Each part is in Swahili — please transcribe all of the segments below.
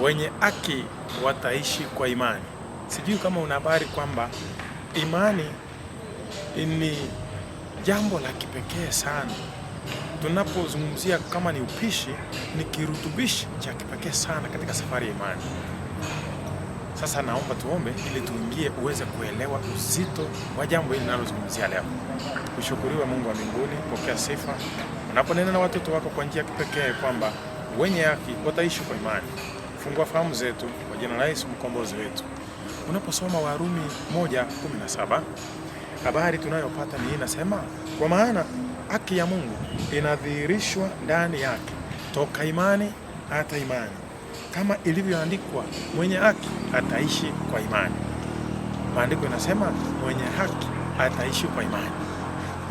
wenye haki wataishi kwa imani. Sijui kama una habari kwamba imani ni jambo la kipekee sana. Tunapozungumzia kama ni upishi, ni kirutubishi cha kipekee sana katika safari ya imani. Sasa naomba tuombe ili tuingie uweze kuelewa uzito wa jambo hili linalozungumzia leo. Ushukuriwe Mungu wa mbinguni, pokea sifa unaponena na watoto wako kwa njia ya kipekee kwamba wenye haki wataishi kwa imani kufungua fahamu zetu kwa jina la Yesu mkombozi wetu. Unaposoma Warumi 1:17 habari tunayopata ni inasema, kwa maana haki ya Mungu inadhihirishwa ndani yake toka imani hata imani, kama ilivyoandikwa, mwenye haki ataishi kwa imani. Maandiko inasema mwenye haki ataishi kwa imani.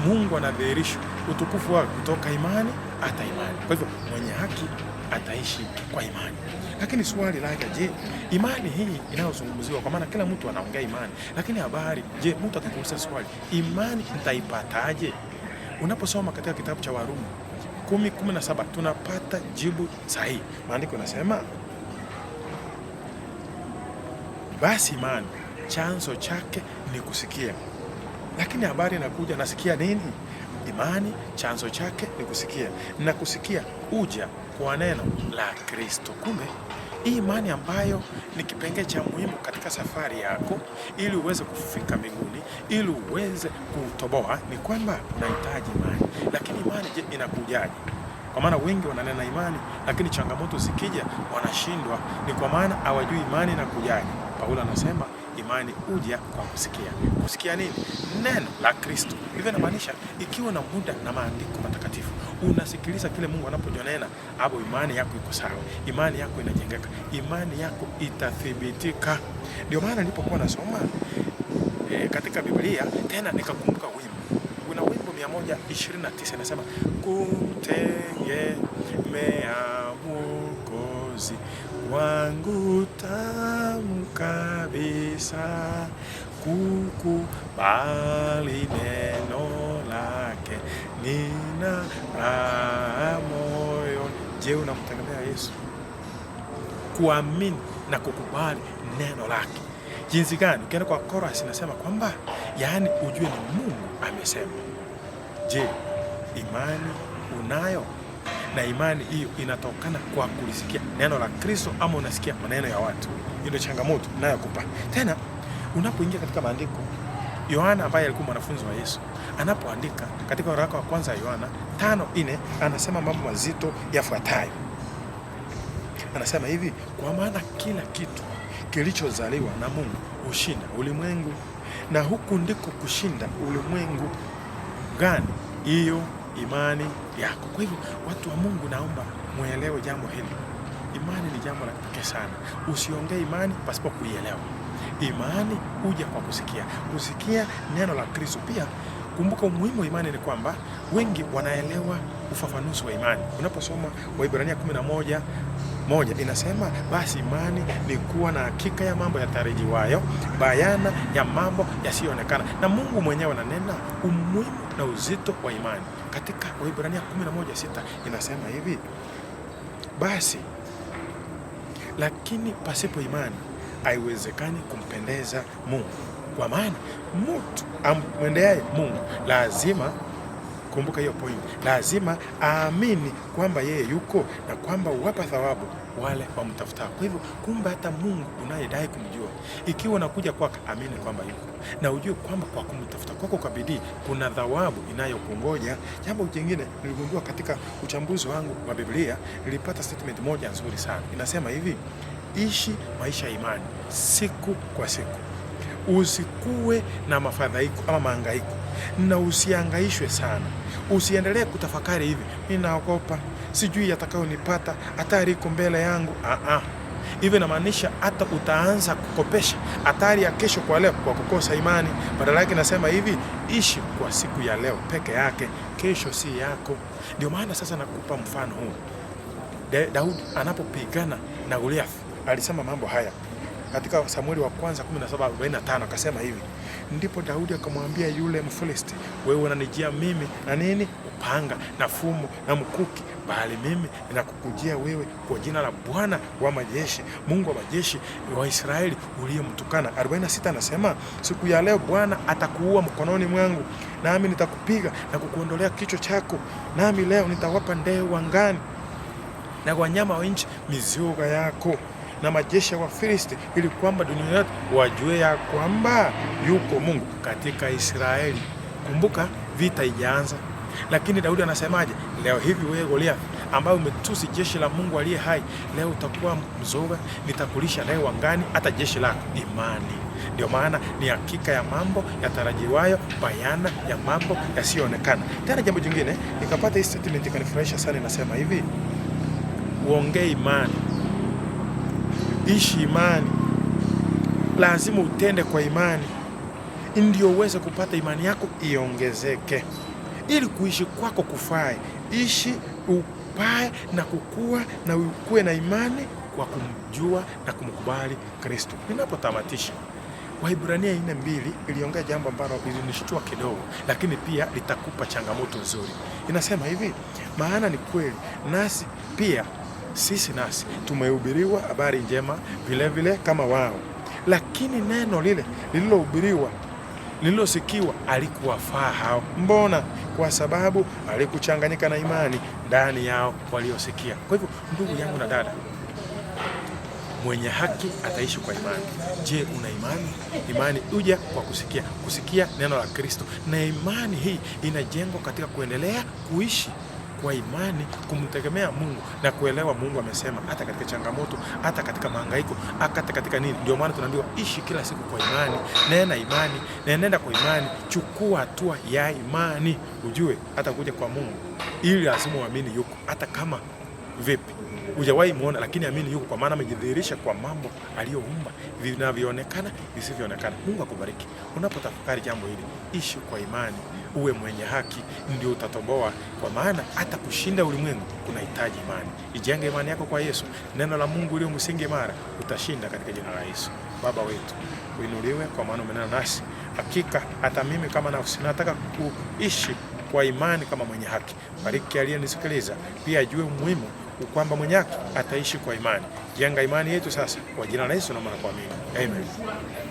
Mungu anadhihirisha utukufu wake kutoka imani hata imani. Kwa hivyo mwenye haki ataishi kwa imani. Lakini swali lake, je, imani hii inayozungumziwa, kwa maana kila mtu anaongea imani, lakini habari, je, mtu atakuuliza swali, imani nitaipataje? Unaposoma katika kitabu cha Warumi 10 17 tunapata jibu sahihi. Maandiko yanasema basi imani chanzo chake ni kusikia, lakini habari inakuja, nasikia nini? imani chanzo chake ni kusikia na kusikia uja kwa neno la Kristo. Kumbe hii imani ambayo ni kipengee cha muhimu katika safari yako ili uweze kufika mbinguni, ili uweze kutoboa, ni kwamba unahitaji imani. Lakini imani je, inakujaje? Kwa maana wengi wananena imani, lakini changamoto zikija wanashindwa. Ni kwa maana hawajui imani inakujaje. Paulo anasema imani huja kwa kusikia. Kusikia nini? Neno la Kristo. Hivyo inamaanisha ikiwa na muda na maandiko matakatifu unasikiliza kile Mungu anaponena hapo imani yako iko sawa, imani yako inajengeka, imani yako itathibitika. Ndio maana nilipokuwa nasoma e, katika Biblia tena nikakumbuka wimbo, kuna wimbo 129 nasema kumtegemea Mwokozi wangu ta kabisa kukubali neno lake, nina raha moyoni. Je, unamtegemea Yesu kuamini na kukubali neno lake jinsi gani? Ukienda kwa Korasi inasema kwamba yaani ujue ni Mungu amesema. Je, imani unayo? na imani hiyo inatokana kwa kulisikia neno la Kristo ama unasikia maneno ya watu. Hiyo ndio changamoto nayokupa. Tena unapoingia katika maandiko, Yohana ambaye alikuwa mwanafunzi wa Yesu anapoandika katika waraka wa kwanza wa Yohana tano nne anasema mambo mazito yafuatayo. Anasema hivi, kwa maana kila kitu kilichozaliwa na Mungu hushinda ulimwengu, na huku ndiko kushinda ulimwengu gani? Hiyo imani yako. Kwa hivyo watu wa Mungu, naomba muelewe jambo hili. Imani ni jambo la kipekee sana. Usiongee imani pasipo kuielewa. Imani huja kwa kusikia, kusikia neno la Kristo. Pia kumbuka umuhimu wa imani ni kwamba wengi wanaelewa ufafanuzi wa imani. Unaposoma Waibrania 11 moja inasema, basi imani ni kuwa na hakika ya mambo yatarajiwayo, bayana ya mambo yasiyoonekana. Na Mungu mwenyewe ananena umuhimu na uzito wa imani katika Waibrania 11:6 inasema hivi, basi lakini pasipo imani haiwezekani kumpendeza Mungu, kwa maana mtu amwendeaye Mungu lazima Kumbuka hiyo point, lazima aamini kwamba yeye yuko na kwamba huwapa thawabu wale wamtafutao. Kwa hivyo, kumbe hata Mungu unayedai kumjua, ikiwa unakuja kwake, amini kwamba yuko na ujue kwamba kwa kumtafuta kwako kwa bidii kuna thawabu inayokungoja. Jambo jingine niligundua katika uchambuzi wangu wa Biblia, nilipata statement moja nzuri sana, inasema hivi: ishi maisha ya imani siku kwa siku, usikuwe na mafadhaiko ama maangaiko na usiangaishwe sana usiendelee kutafakari hivi, mimi naogopa, sijui yatakayonipata, hatari iko mbele yangu. Ah ah, Hivi inamaanisha hata utaanza kukopesha hatari ya kesho kwa leo kwa kukosa imani. Badala yake nasema hivi, ishi kwa siku ya leo peke yake, kesho si yako. Ndio maana sasa nakupa mfano huu. Daudi anapopigana na Goliath alisema mambo haya katika Samueli wa kwanza 17:45 akasema hivi Ndipo Daudi akamwambia yule Mfilisti, wewe unanijia mimi na nini? Upanga na fumo na mkuki, bali mimi ninakukujia wewe kwa jina la Bwana wa majeshi, Mungu wa majeshi wa Israeli uliyemtukana. 46 anasema siku ya leo Bwana atakuua mkononi mwangu, nami nitakupiga na kukuondolea kichwa chako, nami leo nitawapa ndege wangani na wanyama wa nchi mizoga yako na majeshi ya Wafilisti, ili kwamba dunia yote wajue ya kwamba yuko Mungu katika Israeli. Kumbuka vita ijaanza, lakini Daudi anasemaje? Leo hivi wewe Goliath ambaye umetusi jeshi la Mungu aliye hai, leo utakuwa mzoga, nitakulisha naye wangani, hata jeshi lako. Imani ndio maana ni hakika ya mambo yatarajiwayo, bayana ya mambo yasiyoonekana. Tena jambo jingine nikapata hii statement ikanifurahisha sana, inasema hivi: uongee imani ishi imani, lazima utende kwa imani ndio uweze kupata imani yako iongezeke, ili kuishi kwako kufae. Ishi upae na kukua na ukue na imani kwa kumjua na kumkubali Kristo. Ninapotamatisha, Waibrania ine mbili iliongea jambo ambalo ilinishtua kidogo, lakini pia litakupa changamoto nzuri. Inasema hivi, maana ni kweli nasi pia sisi nasi tumehubiriwa habari njema vilevile vile kama wao, lakini neno lile lililohubiriwa lililosikiwa alikuwafaa hao. Mbona? Kwa sababu alikuchanganyika na imani ndani yao waliosikia. Kwa hivyo, ndugu yangu na dada, mwenye haki ataishi kwa imani. Je, una imani? Imani uja kwa kusikia, kusikia neno la Kristo, na imani hii inajengwa katika kuendelea kuishi kwa imani kumtegemea Mungu na kuelewa Mungu amesema, hata katika changamoto, hata katika mahangaiko, hata katika nini. Ndio maana tunaambiwa ishi kila siku kwa imani, nena imani, nenenda kwa imani, chukua hatua ya imani, ujue hata kuja kwa Mungu ili lazima uamini yuko, hata kama vipi hujawahi muona, lakini amini yuko, kwa maana amejidhihirisha kwa mambo aliyoumba, vinavyoonekana visivyoonekana. Mungu akubariki unapotafakari jambo hili, ishi kwa imani uwe mwenye haki, ndio utatomboa. Kwa maana hata kushinda ulimwengu kunahitaji imani. Ijenge imani yako kwa Yesu, neno la Mungu lio msingi imara, utashinda katika jina la Yesu. Baba wetu uinuliwe, kwa maana umenena nasi. Hakika hata mimi kama nafsi nataka kuishi kwa imani kama mwenye haki. Bariki aliyenisikiliza pia ajue umuhimu kwamba mwenye haki ataishi kwa imani. Jenga imani yetu sasa, kwa jina la Yesu na maana kwa mimi. Amen.